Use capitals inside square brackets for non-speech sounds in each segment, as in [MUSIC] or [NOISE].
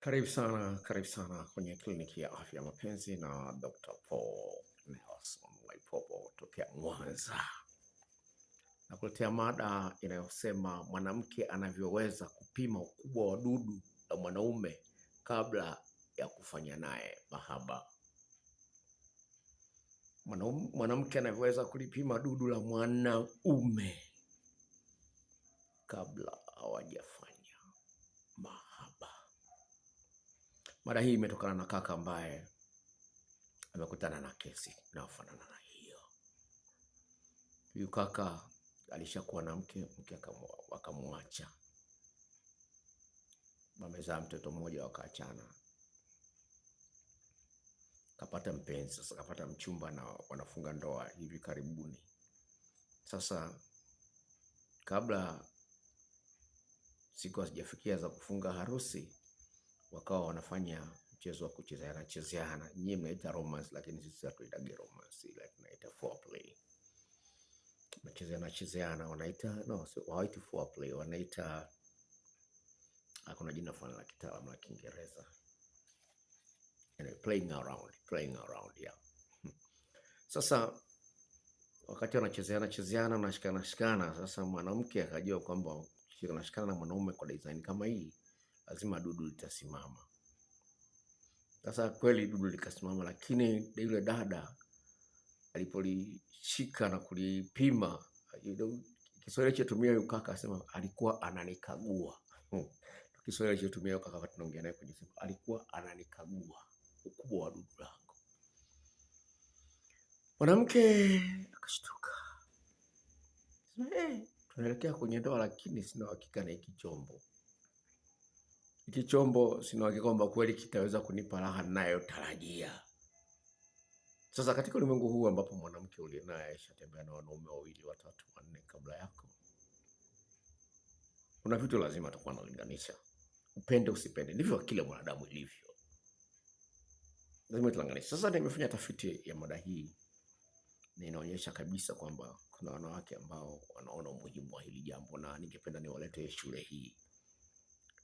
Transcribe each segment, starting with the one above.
Karibu sana, karibu sana kwenye kliniki ya afya mapenzi na Dr. Paul Nelson Mwaipopo tokea Mwanza. Nakuletea mada inayosema mwanamke anavyoweza kupima ukubwa wa dudu la mwanaume kabla ya kufanya naye mahaba. Mwanamke anavyoweza kulipima dudu la mwanaume kabla hawajafanya mahaba. Mada hii imetokana na kaka ambaye amekutana na kesi inayofanana na hiyo. Huyu kaka alishakuwa na mke, mke akamwacha, wamezaa mtoto mmoja, wakaachana, kapata mpenzi sasa, kapata mchumba na wanafunga ndoa hivi karibuni. Sasa kabla siku hazijafikia za kufunga harusi wakawa wanafanya mchezo wa kuchezeana chezeana. Nyinyi mnaita romance, lakini sisi hatuitagi romance, ila tunaita foreplay. Mnachezeana chezeana, wanaita no, sio hawaiti foreplay, wanaita hakuna jina fulani la kitaalamu la Kiingereza, anyway, playing around, playing around yeah. [LAUGHS] Sasa wakati wanachezeana chezeana, wanashikana shikana, sasa mwanamke akajua kwamba anashikana na mwanaume kwa design kama hii lazima dudu litasimama. Sasa kweli dudu likasimama, lakini yule dada alipolishika na kulipima Kiswahili chetumia yule kaka asema alikuwa ananikagua. [LAUGHS] Kiswahili chetumia yule kaka tunaongea naye kwenye simu, alikuwa ananikagua ukubwa wa dudu langu. Mwanamke akashtuka. hey, eh, tunaelekea kwenye ndoa lakini sina uhakika na hiki chombo hiki chombo sina uhakika kwamba kweli kitaweza kunipa raha ninayotarajia. Sasa katika ulimwengu huu ambapo mwanamke uliye naye ashatembea na wanaume wawili watatu wanne kabla yako, kuna vitu lazima atakuwa analinganisha, upende usipende, ndivyo kila mwanadamu ilivyo, lazima tulinganisha. Sasa nimefanya tafiti ya mada hii na inaonyesha kabisa kwamba kuna wanawake ambao wanaona umuhimu wa hili jambo, na ningependa niwalete shule hii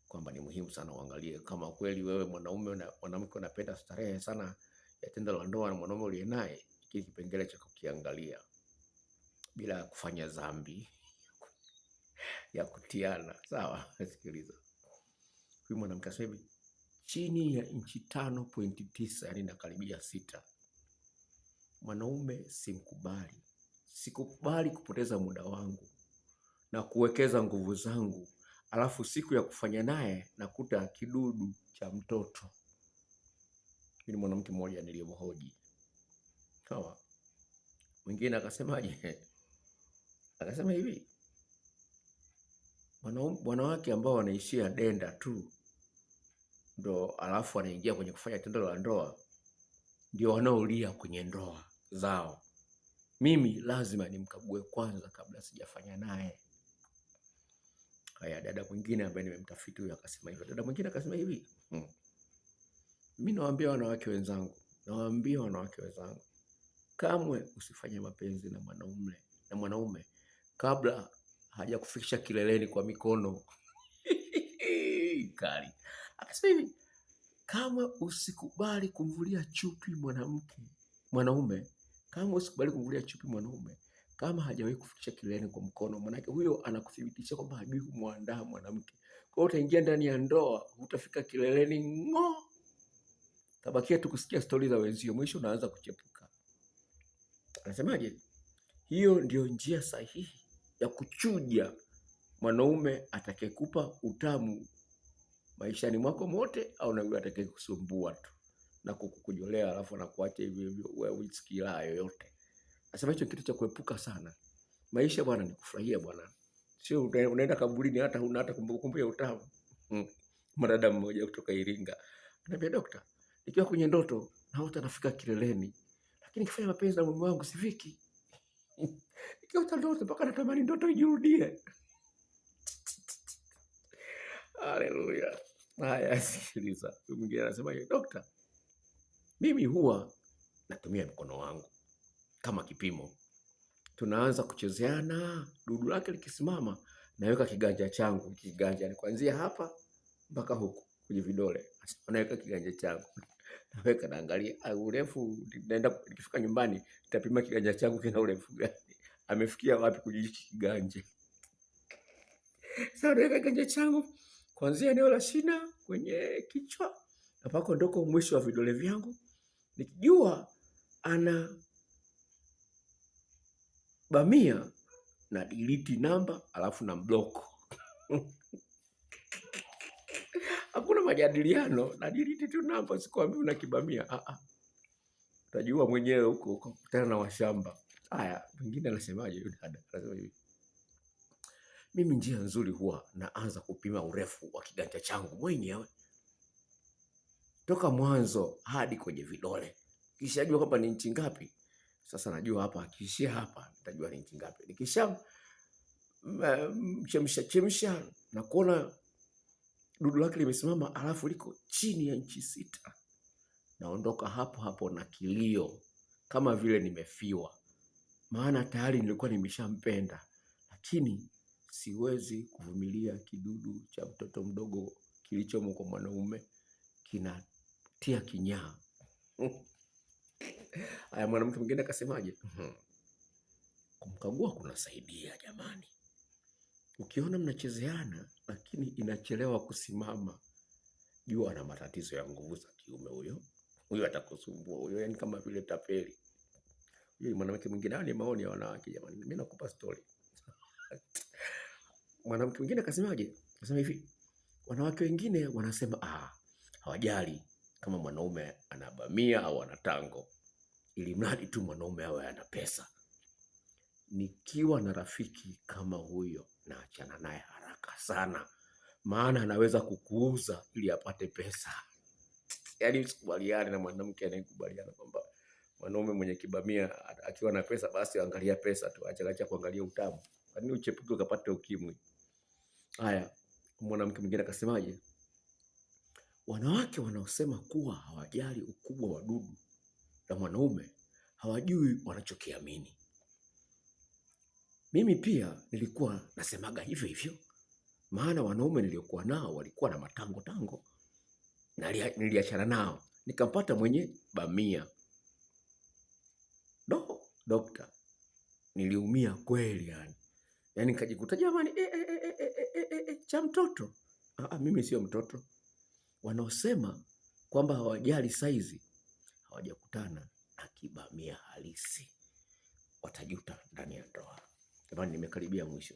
kwamba ni muhimu sana uangalie kama kweli wewe mwanaume na mwanamke unapenda starehe sana ya tendo la ndoa na mwanaume uliye naye, hiki kipengele cha kukiangalia bila kufanya dhambi ya kutiana. Sawa, sikiliza. Huyu mwanamke asemi chini ya inchi tano pointi tisa yani nakaribia sita, mwanaume simkubali, sikubali kupoteza muda wangu na kuwekeza nguvu zangu alafu siku ya kufanya naye nakuta kidudu cha mtoto. Ni mwanamke mmoja niliyomhoji. Sawa. Mwingine akasemaje? [LAUGHS] Akasema hivi, wanawake ambao wanaishia denda tu ndo alafu wanaingia kwenye kufanya tendo la ndoa ndio wanaolia kwenye ndoa zao. Mimi lazima nimkague kwanza kabla sijafanya naye. Haya, dada mwingine ambaye nimemtafiti huyu akasema hivyo. Dada mwingine akasema hivi, hmm. Mimi nawaambia wanawake wenzangu, nawaambia wanawake wenzangu, kamwe usifanye mapenzi na mwanaume na mwanaume kabla hajakufikisha kileleni kwa mikono [LAUGHS] kali. Akasema hivi, kamwe usikubali kumvulia chupi mwanamke mwanaume, kamwe usikubali kumvulia chupi mwanaume kama hajawahi kufikisha kileleni kwa mkono, manake huyo anakuthibitisha kwamba hajui kumwandaa mwanamke. Kwa hiyo utaingia ndani ya ndoa, utafika kileleni ng'o, tabakia tu kusikia stori za wenzio, mwisho unaanza kuchepuka. Anasemaje? Hiyo ndiyo njia sahihi ya kuchuja mwanaume atakayekupa utamu maishani mwako mote, au na yule atakayekusumbua tu na kukukujolea, alafu anakuacha hivyo hivyo, wewe usikilaa yoyote. Asema hicho kitu cha kuepuka sana. Maisha bwana ni kufurahia bwana. Sio unaenda kaburini hata huna hata kumbukumbu ya utamu. Mm. Mwanadada mmoja kutoka Iringa. Anambia dokta, nikiwa kwenye ndoto naota nafika kileleni. Lakini nikifanya mapenzi na mume wangu sifiki. [LAUGHS] Nikiota ndoto mpaka natamani ndoto ijirudie. [LAUGHS] Haleluya. Haya, [LAUGHS] sikiliza. Mwingine anasema, dokta, mimi huwa natumia mkono wangu kama kipimo. Tunaanza kuchezeana, dudu lake likisimama naweka kiganja changu kiganja, ni kuanzia hapa mpaka huku kwenye vidole, naweka kiganja changu naweka, naangalia ah, urefu. Naenda nikifika nyumbani, nitapima kiganja changu kina urefu gani, amefikia wapi kwenye hiki kiganja. Sasa naweka kiganja changu kuanzia eneo la shina kwenye kichwa mpaka ndoko mwisho wa vidole vyangu, nikijua ana bamia na delete namba alafu na block. [LAUGHS] Hakuna majadiliano, na delete tu namba, sikwambi una kibamia. Ah ah. Utajua mwenyewe huko ukakutana na washamba. Haya, mwingine anasemaje yule dada? Anasema hivi. Mimi njia nzuri huwa naanza kupima urefu wa kiganja changu mwenyewe toka mwanzo hadi kwenye vidole, kisha jua kwamba ni nchi ngapi sasa najua hapa akiishia hapa nitajua ni ngapi. Nikisha eh, chemsha chemsha na kuona dudu lake limesimama alafu liko chini ya inchi sita, naondoka hapo hapo na kilio kama vile nimefiwa, maana tayari nilikuwa nimeshampenda, lakini siwezi kuvumilia kidudu cha mtoto mdogo kilichomo kwa mwanaume kinatia kinyaa. [LAUGHS] Aya, mwanamke mwingine akasemaje? Mhm. Kumkagua kunasaidia jamani, ukiona mnachezeana lakini inachelewa kusimama, jua ana matatizo ya nguvu za kiume huyo huyo, atakusumbua huyo, yani kama vile tapeli huyo. Mwanamke mwingine, ni maoni ya wanawake jamani, mimi nakupa story. [LAUGHS] Mwanamke mwingine akasemaje? Akasema hivi, wanawake wengine wanasema ah, hawajali kama mwanaume anabamia au anatango ili mradi tu mwanaume awe ana pesa. Nikiwa na rafiki kama huyo, naachana naye haraka sana, maana anaweza kukuuza ili apate pesa. Yaani usikubaliane na mwanamke anayekubaliana kwamba mwanaume mwenye kibamia akiwa na pesa basi angalia pesa tu, acha acha kuangalia utamu, kwani uchepuke ukapate ukimwi. Haya, mwanamke mwingine akasemaje? Wanawake wanaosema kuwa hawajali ukubwa wa dudu na mwanaume hawajui wanachokiamini. Mimi pia nilikuwa nasemaga hivyo hivyo, maana wanaume niliokuwa nao walikuwa na matango tango, na niliachana nao nikampata mwenye bamia. No, dokta, niliumia kweli yani, yani nikajikuta jamani, e, e, e, e, e, e, cha mtoto. Aa, ah, ah, mimi sio mtoto. Wanaosema kwamba hawajali saizi hawajakutana na kibamia halisi, watajuta ndani ya ndoa. Jamani, nimekaribia mwisho,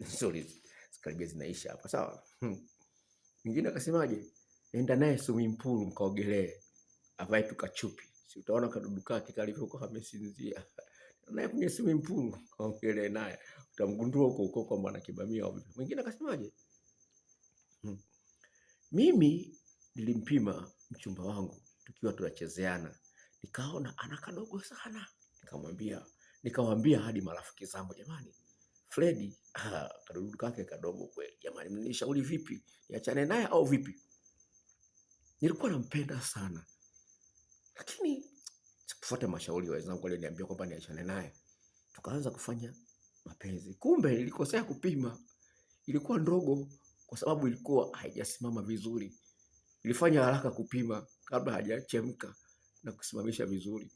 [LAUGHS] sorry, karibia zinaisha hapa, sawa. Hmm. Mwingine akasemaje? Nenda naye swimming pool mkaogelee, avae tukachupi, si utaona kadudu kake kalivyokuwa amesinzia naye kwenye swimming pool kaogelee naye, utamgundua huko huko kwamba ana kibamia. Mwingine akasemaje? Hmm. Mimi nilimpima mchumba wangu tukiwa tunachezeana, nikaona ana kadogo sana, nikamwambia nikawaambia hadi marafiki zangu, jamani, Fredi ah, kadudu kake kadogo kweli, jamani, mnishauri vipi, niachane naye au vipi? Nilikuwa nampenda sana, lakini sikufuata mashauri ya wenzangu walioniambia kwamba niachane naye. Tukaanza kufanya mapenzi, kumbe nilikosea kupima, ilikuwa ndogo kwa sababu ilikuwa haijasimama vizuri. Nilifanya haraka kupima kabla hajachemka na kusimamisha vizuri.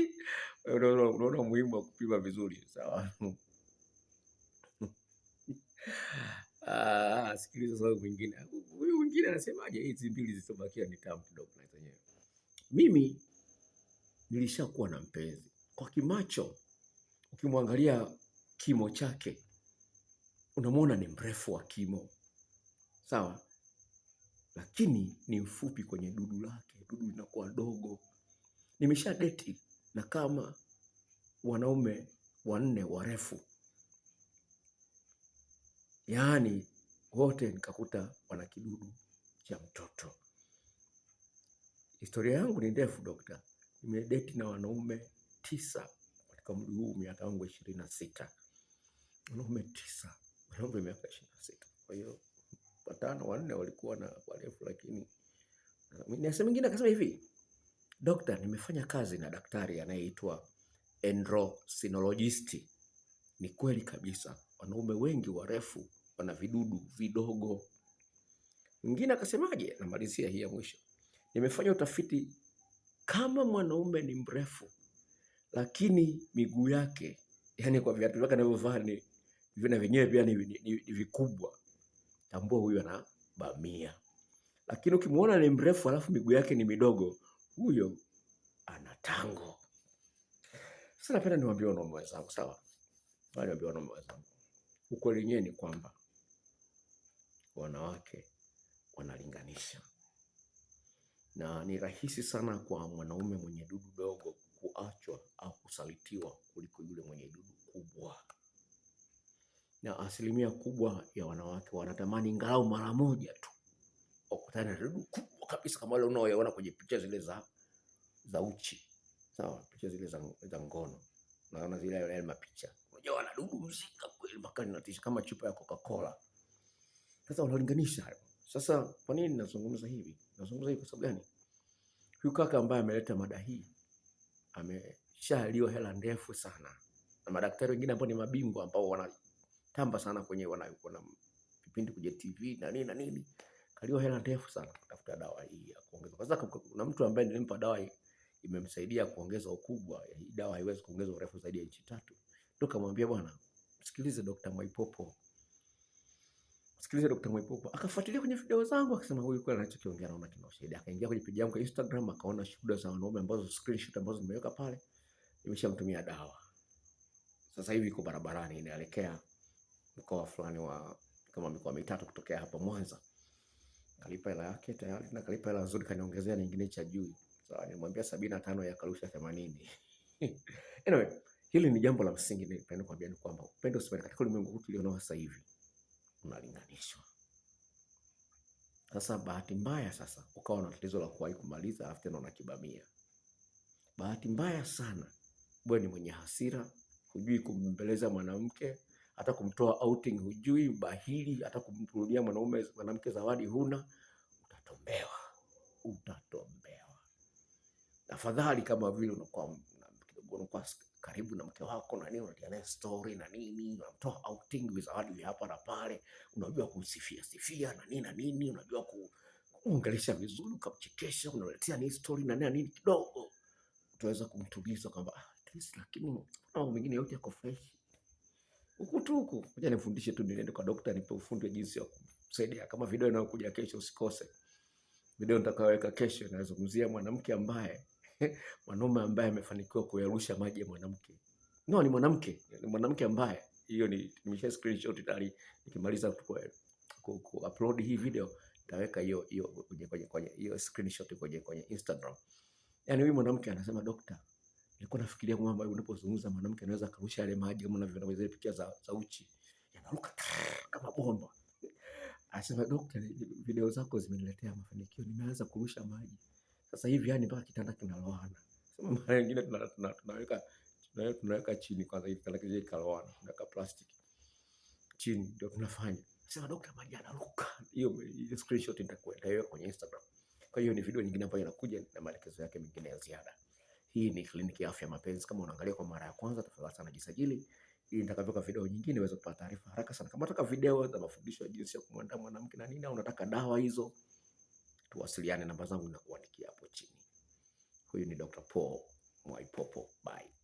[LAUGHS] Unaona umuhimu wa kupima vizuri, sawa? [LAUGHS] Ah, sikiliza sababu mwingine. Huyu mwingine anasemaje? Hizi mbili zilizobakia ni tamu kidogo na zenyewe. Mimi nilishakuwa na mpenzi kwa kimacho, ukimwangalia kimo chake unamwona ni mrefu wa kimo, sawa? lakini ni mfupi kwenye dudu lake, dudu linakuwa dogo. Nimesha deti na kama wanaume wanne warefu, yaani wote nikakuta wana kidudu cha mtoto. Historia yangu ni ndefu dokta, nimedeti na wanaume tisa katika umri huu miaka yangu ishirini na sita wanaume tisa, wanaume miaka ishirini na sita kwa hiyo watano wanne walikuwa na warefu, lakini ah, nasa mwingine akasema hivi, dokta, nimefanya kazi na daktari anayeitwa endocrinologist. Ni kweli kabisa, wanaume wengi warefu wana vidudu vidogo. Mwingine akasemaje? Namalizia hii ya mwisho, nimefanya utafiti kama mwanaume ni mrefu lakini miguu yake, yani kwa viatu vyake anavyovaa vina vyenyewe pia ni vikubwa tambua huyu ana bamia. Lakini ukimwona ni mrefu alafu miguu yake ni midogo, huyo ana tango. Sasa napenda niwaambie wanaume wenzangu, sawa? Niwaambie wanaume wenzangu, ukweli wenyewe ni kwamba wanawake wanalinganisha na ni rahisi sana kwa mwanaume mwenye dudu dogo kuachwa au kusalitiwa kuliko yule mwenye dudu kubwa na asilimia kubwa ya wanawake wanatamani angalau mara moja tu wakutane na dudu kubwa kabisa kama wale unaoyaona kwenye picha zile za za uchi, sawa, picha zile za, za ngono, naona zile yale mapicha, unajua wana dudu mzika kweli na tisha kama chupa ya Coca-Cola. Sasa unalinganisha hayo. Sasa kwa nini nazungumza hivi? Nazungumza hivi kwa sababu gani? Huyu kaka ambaye ameleta mada hii ameshaliwa hela ndefu sana na madaktari wengine ambao ni mabingwa ambao wana tamba sana kwenye wanayokuwa na vipindi kwenye TV na nini na nini. Kalio hela ndefu sana kutafuta dawa hii ya kuongeza. Kwanza kuna mtu ambaye nilimpa dawa hii imemsaidia kuongeza ukubwa. Hii dawa haiwezi kuongeza urefu zaidi ya inchi tatu. Ndio kamwambia bwana, msikilize Dr. Mwaipopo. Sikilize Dr. Mwaipopo. Akafuatilia kwenye video zangu akasema huyu kweli anachokiongea naona kina ushahidi. Akaingia kwenye page yangu ya Instagram akaona shuhuda za wanaume ambazo screenshot ambazo nimeweka pale. Nimeshamtumia dawa. Sasa hivi iko barabarani inaelekea mkoa fulani wa kama mikoa mitatu kutokea hapa Mwanza. Kalipa hela yake tayari na kalipa hela nzuri, kaniongezea nyingine cha juu. Sawa, nimwambia 75 karusha 80. [LAUGHS] Anyway, hili ni jambo la msingi nilipenda kuambia ni kwamba upendo usipende katika ulimwengu huu tulio nao sasa hivi unalinganishwa. Sasa bahati mbaya sasa ukawa na tatizo la kuwahi kumaliza alafu tena unakibamia. Bahati mbaya sana, wewe ni mwenye hasira, hujui kumbembeleza mwanamke hata kumtoa outing hujui, bahili, hata kumrudia mwanaume mwanamke zawadi huna, utatombewa, utatombewa. Afadhali kama vile unakuwa unakuwa karibu na mke wako na nini, unatia naye story na nini, unamtoa outing, zawadi hapa na pale, unajua kumsifia sifia na nini na nini, unajua kuongelesha vizuri, ukamchekesha, unaletea ni story na nini na nini, kidogo utaweza kumtuliza kwamba ah, lakini mambo mengine yote yako fresh huku tu huku, ngoja nifundishe tu, niende kwa dokta nipe ufundi wa jinsi ya kusaidia. Kama video inayokuja kesho, usikose video nitakayoweka kesho, inazungumzia mwanamke ambaye [LAUGHS] mwanaume ambaye amefanikiwa kuyarusha maji ya mwanamke. No, ni mwanamke, ni mwanamke ambaye hiyo ni nimesha screenshot tayari. Nikimaliza ku hii video nitaweka hiyo hiyo kwenye kwenye hiyo screenshot kwenye kwenye Instagram. Yani huyu mwanamke anasema dokta Nilikuwa nafikiria kwamba unapozungumza mwanamke anaweza karusha yale maji kama unavyoona zile picha za, za uchi yanaruka kama bomba. Asema daktari, video zako zimeniletea mafanikio, nimeanza kurusha maji sasa hivi, yani mpaka kitanda kinaloana. Sema mara nyingine tunaweka tunaweka chini kwanza, ili kitanda kije kaloana, tunaweka plastic chini, ndio tunafanya. Sema daktari, maji yanaruka. Hiyo screenshot nitakwenda hiyo kwenye Instagram. Kwa hiyo ni video nyingine ambayo inakuja na maelekezo yake mengine ya ziada. Hii ni kliniki ya afya mapenzi. Kama unaangalia kwa mara ya kwanza, tafadhali sana jisajili ili nitakavyoka video nyingine uweze kupata taarifa haraka sana. Kama unataka video za mafundisho ya jinsi ya kumwandaa mwanamke na nini, au unataka dawa hizo, tuwasiliane, namba zangu nakuandikia hapo chini. Huyu ni Dr. Paul Mwaipopo. Bye.